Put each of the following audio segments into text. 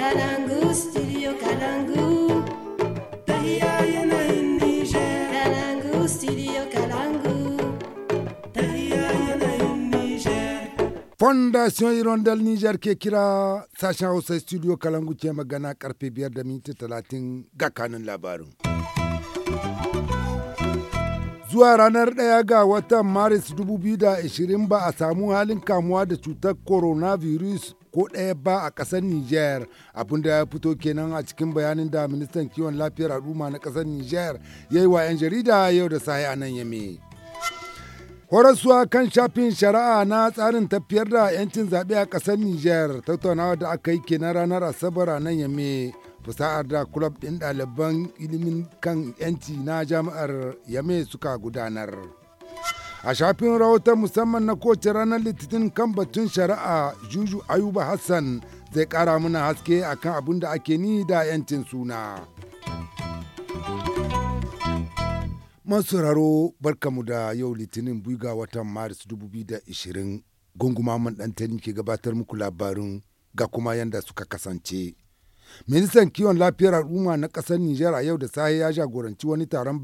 Kalangu, studio Fondation Hirondelle Niger ke kira sashen Hausa studio Kalangu ke magana karfe biyar da minti 30 ga kanun labarin. zuwa ranar ɗaya ga watan maris 2020 ba a samu halin kamuwa da cutar coronavirus ko ɗaya ba a ƙasar Nijar abin da ya fito kenan a cikin bayanin da ministan kiwon lafiyar al'umma na ƙasar Nijar ya yi wa 'yan jarida yau da sahi a nan yame. horaswa kan shafin shari'a na tsarin tafiyar da 'yancin zaɓe a ƙasar Nijar tattaunawa da aka yi kenan ranar Asabar a nan yame. fusa'ar da kulab ɗin ɗaliban ilimin kan 'yanci na jami'ar yame suka gudanar. a shafin rahoton musamman na kowace ranar litinin kan batun shari'a juju ayuba hassan zai kara mana haske akan abin da ake ni da 'yancin suna barka barkamu da yau litinin biyu watan maris 2020 gunguma man tani ke gabatar muku labarin ga kuma yadda suka kasance ministan kiwon lafiyar al'umma na ƙasar nijar a yau da sahi ya jagoranci wani taron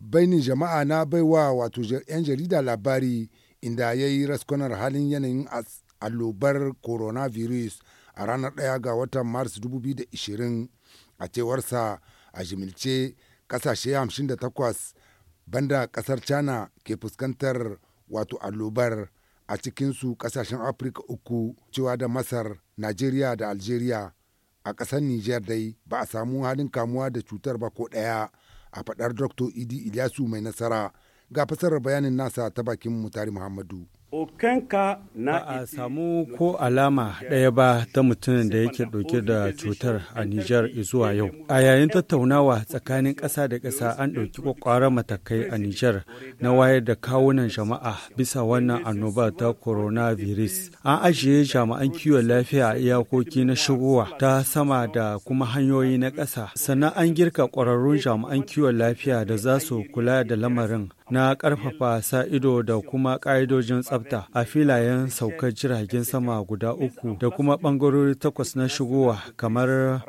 bainin jama'a na baiwa wato 'yan jarida labari inda ya yi raskunar halin yanayin allobar coronavirus a ranar 1 ga watan mars 2020 a cewarsa a jimilce kasashe 58 banda kasar china ke fuskantar wato allobar a cikinsu kasashen afirka uku cewa da masar najeriya da algeria a ƙasar niger dai ba a samu halin kamuwa da cutar ba ko ɗaya a faɗar Dr. Idi Ilyasu mai nasara ga fasarar bayanin nasa ta bakin Mutari Muhammadu. ba a samu ko alama ɗaya ba ta mutumin da yake ɗauke da cutar a Nijar zuwa yau. A yayin tattaunawa tsakanin ƙasa da ƙasa an ɗauki ƙwaƙwaran matakai a Nijar na wayar da kawunan jama'a bisa wannan annoba ta coronavirus. An ajiye jami'an kiwon lafiya a iyakoki na shigowa ta sama da kuma hanyoyi na ƙasa. Sannan an girka ƙwararrun jami'an kiwon lafiya da za su kula da lamarin na ƙarfafa sa ido da kuma ƙa'idojin tsafta a filayen saukar jiragen sama guda uku da kuma ɓangarori takwas na shigowa kamar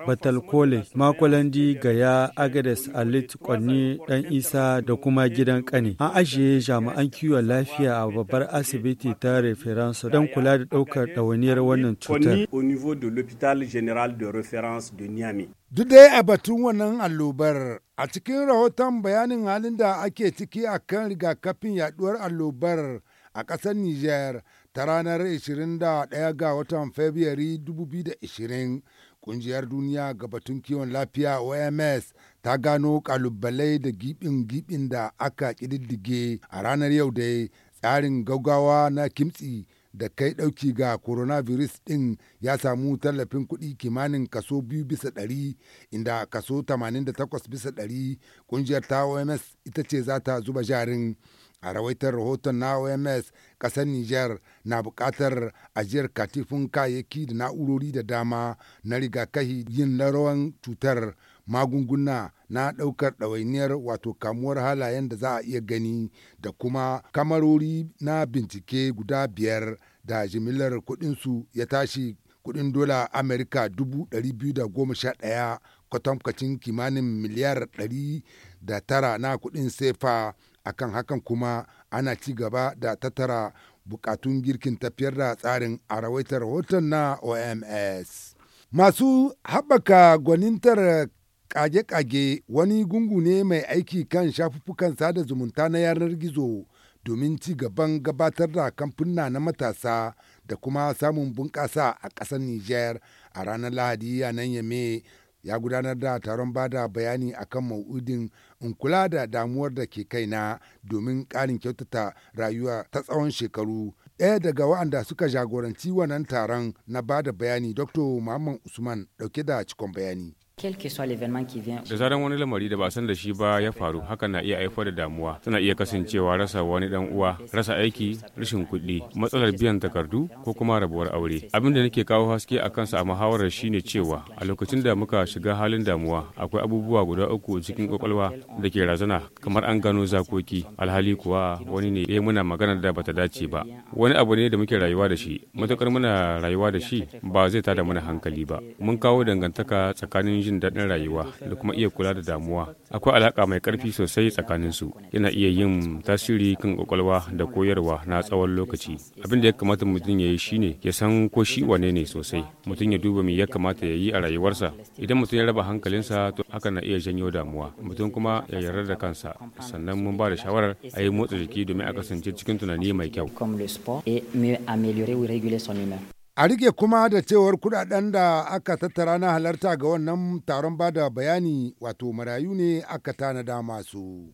kole makolandi gaya agades alit kwanni dan isa da kuma gidan kane an ajiye jami'an kiwon lafiya a babbar asibiti ta referansu don kula da ɗaukar ɗawainiyar wannan cutar Duk dai a batun wannan allobar, a cikin rahoton bayanin halin da ake ciki a kan rigakafin yaduwar allobar a ƙasar Nijar ta ranar 21 ga watan Fabrairu 2020, ƙungiyar duniya ga batun kiwon lafiya OMS ta gano ƙalubalai da gibin-gibin da aka ƙididdige a ranar yau dai tsarin gaugawa na kimtsi da kai ɗauki ga coronavirus ɗin ya samu tallafin kuɗi kimanin kaso biyu bisa ɗari inda kaso 88 bisa ɗari ƙungiyar ta oms ita ce za ta zuba jarin a rawaitar rahoton na oms ƙasar niger na buƙatar ajiyar katifin kayayyaki da na'urori da dama na rigakahi yin na rawan cutar magunguna na ɗaukar ɗawainiyar wato kamuwar halayen da za a iya gani da kuma kamarori na bincike guda biyar da jimillar kuɗinsu ya tashi kuɗin dola Amerika ɗaya kwatankwacin kimanin miliyar ɗari da tara na kuɗin sefa akan hakan kuma ana ci gaba da tattara bukatun girkin tafiyar da tsarin a rawaitar rahoton na oms masu haɓaka gwanintar ƙage kage wani gungu ne mai aiki kan shafuffukan sada zumunta na yanar gizo domin ci gaban gabatar da kamfuna na matasa da kuma samun bunƙasa a ƙasar Nijar a ranar Lahadi a nan Yame ya gudanar da taron bada bayani a kan maudin in kula da damuwar da ke kaina domin ƙarin kyautata rayuwa ta tsawon shekaru ɗaya daga waɗanda suka jagoranci wannan taron na bada bayani dr muhammad usman ɗauke da cikon bayani Da zaran wani lamari da ba san da shi ba ya faru hakan na iya haifar da damuwa tana iya kasancewa rasa wani dan uwa rasa aiki rashin kuɗi matsalar biyan takardu ko kuma rabuwar aure abin da nake kawo haske a kansa a muhawarar shine cewa a lokacin da muka shiga halin damuwa akwai abubuwa guda uku cikin kwakwalwa da ke razana kamar an gano zakoki alhali kuwa wani ne ya muna magana da bata dace ba wani abu ne da muke rayuwa da shi matukar muna rayuwa da shi ba zai tada mana hankali ba mun kawo dangantaka tsakanin jin daɗin rayuwa da kuma iya kula da damuwa akwai alaka mai karfi sosai tsakanin su yana iya yin tasiri kan kwakwalwa da koyarwa na tsawon lokaci abin da ya kamata mutum ya yi shine ya san ko shi wane ne sosai mutum ya duba me ya kamata ya yi a rayuwarsa idan mutum ya raba hankalinsa to haka na iya janyo damuwa mutum kuma ya yarda da kansa sannan mun ba da shawarar a yi motsa jiki domin a kasance cikin tunani mai kyau A rike kuma da cewar kuɗaɗen da aka tattara na halarta ga wannan taron bada bayani wato marayu ne aka tanada masu.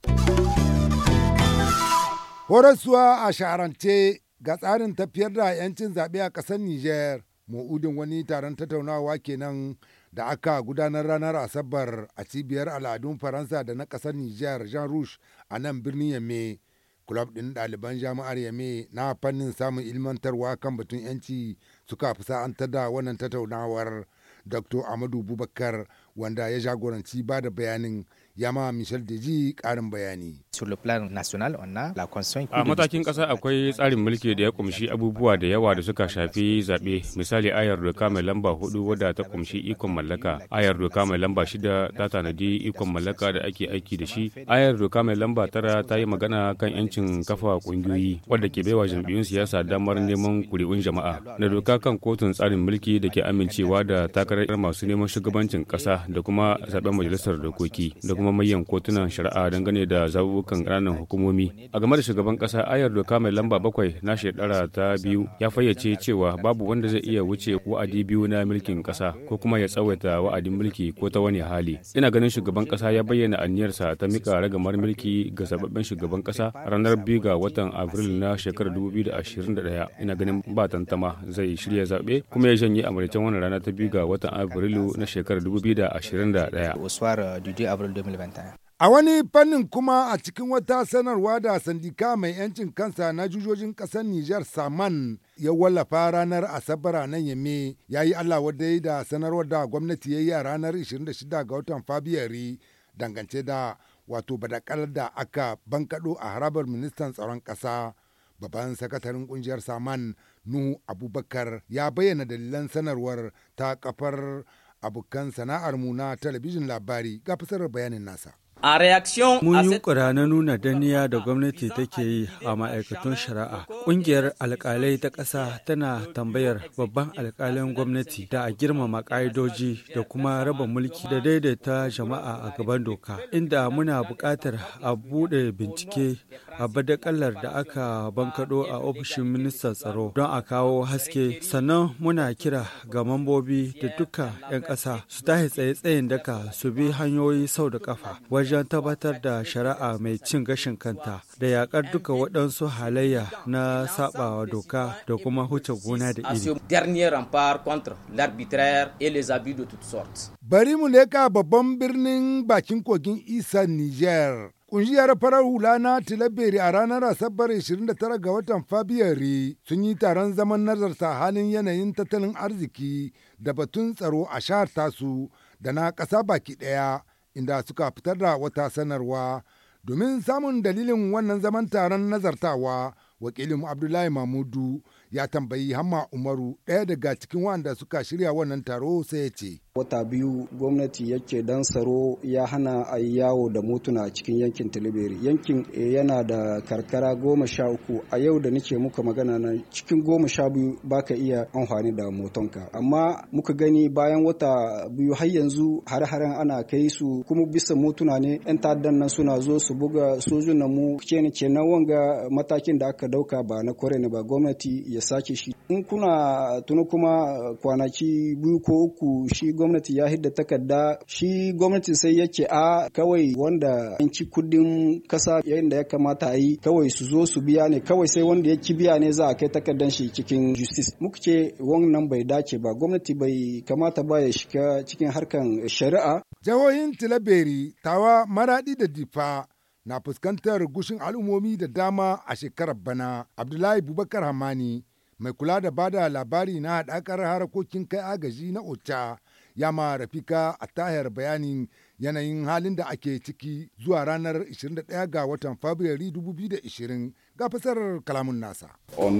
horasuwa a shaharance ga tsarin tafiyar da 'yancin zaɓe a ƙasar Nijar, mu'udin wani taron tattaunawa kenan da aka gudanar ranar Asabar a cibiyar al'adun Faransa da na ƙasar Nijar Jean Rouge a nan birnin Yamme. Club ɗin ɗaliban jami'ar Yamme na fannin samun ilmantarwa kan batun 'yanci suka an ta da wannan tattaunawar dr amadu bubakar wanda ya jagoranci ba da bayanin ya ma Michel Deji karin bayani. sur le a matakin kasa akwai tsarin mulki da ya kumshi abubuwa da yawa da suka shafi zaɓe misali ayar doka mai lamba hudu wadda ta kumshi ikon mallaka ayar doka mai lamba shida ta tanadi ikon mallaka da ake aiki da shi ayar doka mai lamba tara ta yi magana kan yancin kafa ƙungiyoyi wadda ke baiwa jam'iyyun siyasa damar neman kuri'un jama'a da doka kan kotun tsarin mulki da ke amincewa da takarar masu neman shugabancin kasa da kuma zaben majalisar dokoki da kuma kuma mayan kotunan shari'a dangane da zabubukan ƙananan hukumomi a game da shugaban kasa ayar doka mai lamba bakwai na shekara ta biyu ya fayyace cewa babu wanda zai iya wuce wa'adi biyu na mulkin kasa ko kuma ya tsawaita wa'adin mulki ko ta wani hali ina ganin shugaban kasa ya bayyana aniyarsa ta mika ragamar mulki ga sababbin shugaban kasa ranar biyu ga watan afril na shekarar 2021 ina ganin ba tantama zai shirya zaɓe kuma ya janye a wannan rana ta biyu ga watan afrilu na shekarar 2021 A wani fannin kuma a cikin wata sanarwa da sandika mai 'yancin kansa na jujojin ƙasar Nijar Saman ya wallafa ranar Asabar a nan Yame ya yi Allah wadai da sanarwar da gwamnati ya yi a ranar 26 ga watan Fabiyari dangance da wato badakar da aka bankaɗo a harabar ministan tsaron ƙasa. Babban sakataren ƙungiyar Saman Nuhu Abubakar ya bayyana dalilan sanarwar ta kafar abokan sana'armu na talabijin labari ga fasarar bayanin nasa. A reaction Mun yunkura na nuna danniya da gwamnati take yi a ma'aikatun shari'a. Ƙungiyar alƙalai ta ƙasa tana tambayar babban alƙalin gwamnati da a girmama ƙa'idoji da kuma raba mulki da daidaita jama'a a gaban doka. Inda muna buƙatar a buɗe bincike a badaƙallar da aka bankaɗo a ofishin ministan tsaro don a kawo haske. Sannan muna kira ga mambobi da duka 'yan ƙasa su tashi tsaye-tsayin daka su bi hanyoyi sau da ƙafa. wajen tabbatar da shari'a mai cin gashin kanta da yakar duka waɗansu halayya na sabawa doka da kuma huce gona da iri. Bari mu leka babban birnin bakin kogin Isa Niger. Ƙungiyar farar hula na Tilaberi a ranar Asabar 29 ga watan Fabiyari sun yi taron zaman nazarta halin yanayin tattalin arziki da batun tsaro a shahar tasu da na ƙasa baki ɗaya inda suka fitar da wata sanarwa domin samun dalilin wannan zaman taron nazartawa wakilin abdullahi mamudu ya tambayi hamma umaru ɗaya daga cikin wanda suka shirya wannan taro sai ya ce wata biyu gwamnati yake dan tsaro ya hana a yawo da motuna a cikin yankin talibiri yankin eh, yana da karkara goma sha uku a yau da nake muka magana na cikin goma sha biyu baka iya amfani da motonka amma muka gani bayan wata biyu har yanzu har-haren ana kai su kuma bisa motuna ne yan ta'addan nan suna zo su buga sojunan mu kenan kenan wanga matakin da aka dauka ba na kore ne ba gwamnati ya sake shi in kuna tuna kuma kwanaki biyu ko uku shi gwamnati ya hidda takarda shi gwamnati sai ya ce a kawai wanda an ci kudin kasa yayin da ya kamata a yi kawai su zo su biya ne kawai sai wanda ya ci biya ne za a kai takardan shi cikin justice muka ce wannan bai dace ba gwamnati bai kamata ba ya shiga cikin harkan shari'a jihohin tilaberi tawa maradi da difa na fuskantar gushin al'ummomi da dama a shekarar bana abdullahi bubakar hamani mai kula da bada labari na haɗakar harakokin kai agaji na ocha Yama Rafika a tahir bayanin yanayin halin da ake ciki zuwa ranar 21 ga watan Fabrairu 2020. ga fasar kalamun nasa. Euh,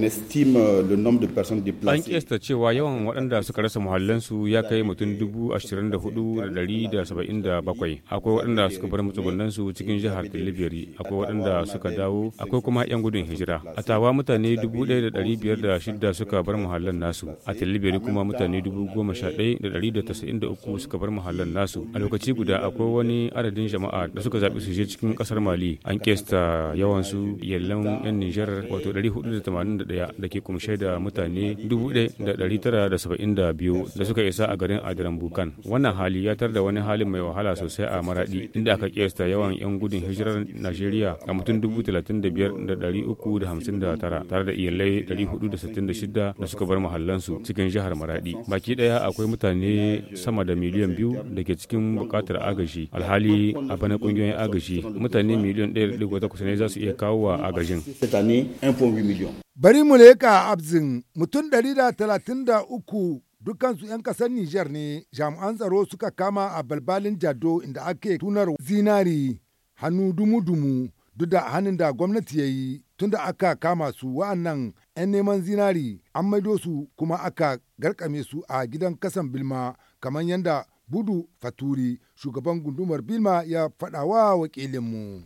An kesta cewa yawan waɗanda suka rasa muhallansu ya kai mutum dubu ashirin da hudu da dari da saba'in da bakwai. Akwai waɗanda suka bar matsugunansu cikin jihar Tilibiri, akwai waɗanda suka dawo, akwai kuma 'yan gudun hijira. A tawa mutane dubu ɗaya da dari biyar da shida suka bar muhallan nasu. A Tilibiri kuma mutane dubu goma sha ɗaya da dari da tasa'in da uku suka bar muhallan nasu. A lokaci guda akwai wani adadin jama'a da suka zaɓi su je cikin ƙasar Mali. An kesta yawansu yallan 'yan Nijar wato 481 da ke kumshe da mutane 1,972 da suka isa a garin Adiran Bukan. Wannan hali ya tar da wani halin mai wahala sosai a Maradi inda aka kiyasta yawan 'yan gudun hijirar Najeriya a mutum 35,359 tare da iyalai 466 da suka bar mahallansu cikin jihar Maradi. Baki daya akwai mutane sama da miliyan biyu da ke cikin bukatar agaji alhali a bana kungiyoyin agaji mutane miliyan 1.8 ne za su iya kawo wa agajin cette année 1.8 million. Bari mu leka Abzin mutum 133 dukansu 'yan kasar Nijar ne jami'an tsaro suka kama a balbalin jado inda ake tunar zinari hannu dumu-dumu duk da hannun da gwamnati ya yi tun da aka kama su wa'annan 'yan neman zinari an maido su kuma aka garkame su a gidan kasan bilma kamar yadda budu faturi shugaban gundumar bilma ya wa wakilinmu.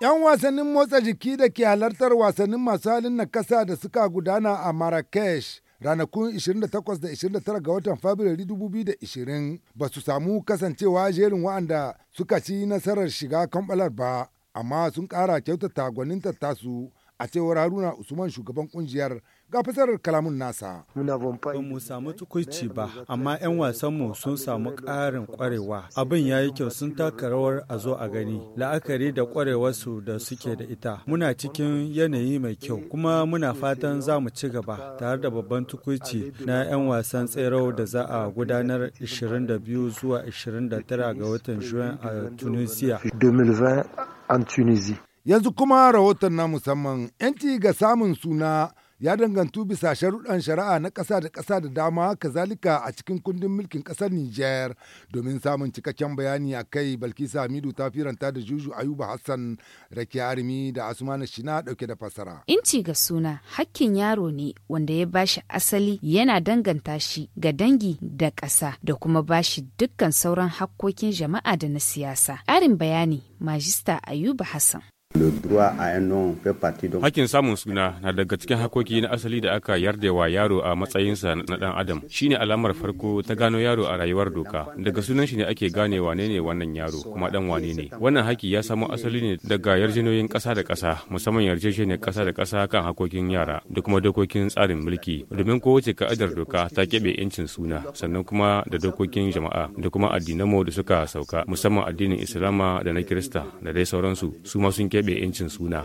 'Yan wasannin motsa jiki da ke halartar wasannin masu halin nakasa da suka gudana a Marrakesh ranakun 28 da 29 ga watan Fabrairu 2020 ba su samu kasancewa jerin wa'anda suka ci nasarar shiga kambalar ba, amma sun ƙara kyautata gwaninta tasu a cewar Haruna Usman shugaban ƙungiyar. ga fasarar kalamun nasa. Ba mu samu tukuici ba, amma 'yan wasanmu sun samu ƙarin ƙwarewa. Abin ya yi kyau sun taka rawar a zo a gani, la'akari da ƙwarewarsu da suke da ita. Muna cikin yanayi mai kyau, kuma muna fatan za mu ci gaba tare da babban tukuici na 'yan wasan tsero da za a gudanar 22 zuwa 29 ga watan Juin a Tunisia. Yanzu kuma rahoton na musamman 'yanci ga samun suna ya dangantu bisa sharuɗan shari'a na ƙasa da ƙasa da dama kazalika a cikin kundin mulkin ƙasar Nijar domin samun cikakken bayani a kai Balkisa Hamidu ta firanta da Juju Ayuba Hassan Rake Arimi da Asmanu Shina ɗauke da fasara. Inci ga suna hakkin yaro ne wanda ya bashi asali yana danganta shi ga dangi da ƙasa da kuma bashi dukkan sauran hakkokin jama'a da na siyasa. Ƙarin bayani Majista Ayuba Hassan. Hakkin samun suna na daga cikin hakoki na asali da aka yarda wa yaro a matsayinsa na dan adam. Shine alamar farko ta gano yaro a rayuwar doka. Daga sunan shi ne ake gane wane ne wannan yaro kuma dan wane ne. Wannan haki ya samo asali ne daga yarjejeniyoyin kasa da kasa musamman yarjejeniyar kasa da kasa kan hakokin yara da kuma dokokin tsarin mulki. Domin kowace ka'idar doka ta keɓe 'yancin suna, sannan kuma da dokokin jama'a da kuma addinanmu da suka sauka, musamman addinin Islama da na Kirista da dai sauransu. Su ma sun keɓe keɓe 'yancin suna.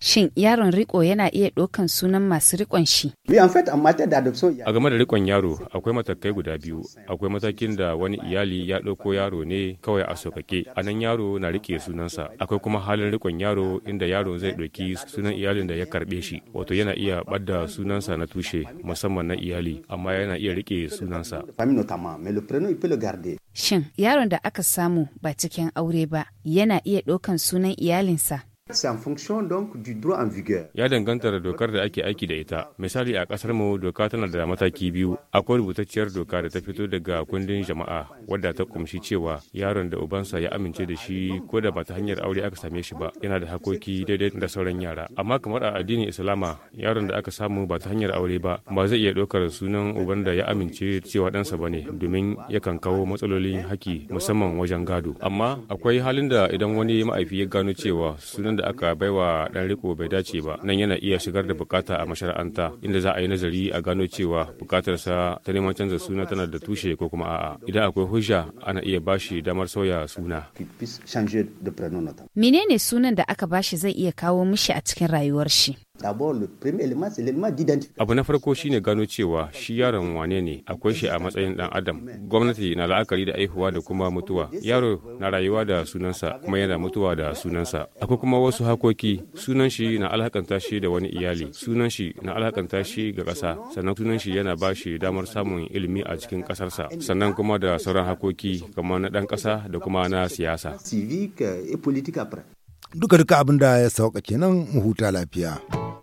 Shin yaron riko yana iya ɗaukan sunan masu rikon shi? A game da rikon yaro akwai matakai guda biyu. Akwai matakin da wani iyali ya ɗauko yaro ne kawai a sokake. A yaro na riƙe sunansa. Akwai kuma halin rikon yaro inda yaro zai ɗauki sunan iyalin da ya karɓe shi. Wato yana iya ɓadda sunansa na tushe musamman na iyali amma yana iya riƙe sunansa. Shin yaron da aka samu ba cikin aure ba yana iya ɗaukan sunan iyalinsa? Ya danganta da dokar da ake aiki da ita. Misali a kasar mu doka tana da mataki biyu. Akwai rubutacciyar doka da ta fito daga kundin jama'a wadda ta kumshi cewa yaron da ubansa ya amince da shi ko da ba ta hanyar aure aka same shi ba yana da hakoki daidai da sauran yara. Amma kamar a addinin Islama yaron da aka samu ba ta hanyar aure ba ba zai iya ɗaukar sunan uban da ya amince cewa ɗansa ba ne domin yakan kawo matsalolin haki musamman wajen gado. Amma akwai halin da idan wani ma'aifi ya gano cewa sunan sunan da aka baiwa dan riko bai dace ba nan yana iya shigar da bukata a mashara'anta inda za a yi nazari a gano cewa bukatarsa ta neman canza suna tana da tushe ko kuma a'a idan akwai hujja ana iya bashi damar sauya suna menene sunan da aka bashi zai iya kawo mishi a cikin rayuwar shi Abu na farko shine gano cewa shi yaron wane ne akwai shi a matsayin dan adam. Gwamnati na la'akari da aihuwa da kuma mutuwa. Yaro na rayuwa da sunansa kuma yana mutuwa da sunansa. Akwai kuma wasu hakoki sunan shi na alhakanta shi da wani iyali, sunan shi na alhakanta shi ga ƙasa, sannan sunan shi yana ba shi damar samun ilimi a cikin ƙasarsa, sannan kuma da sauran hakoki kamar na ɗan ƙasa da kuma na siyasa. duka duka abinda da ya sauka kenan mu huta lafiya.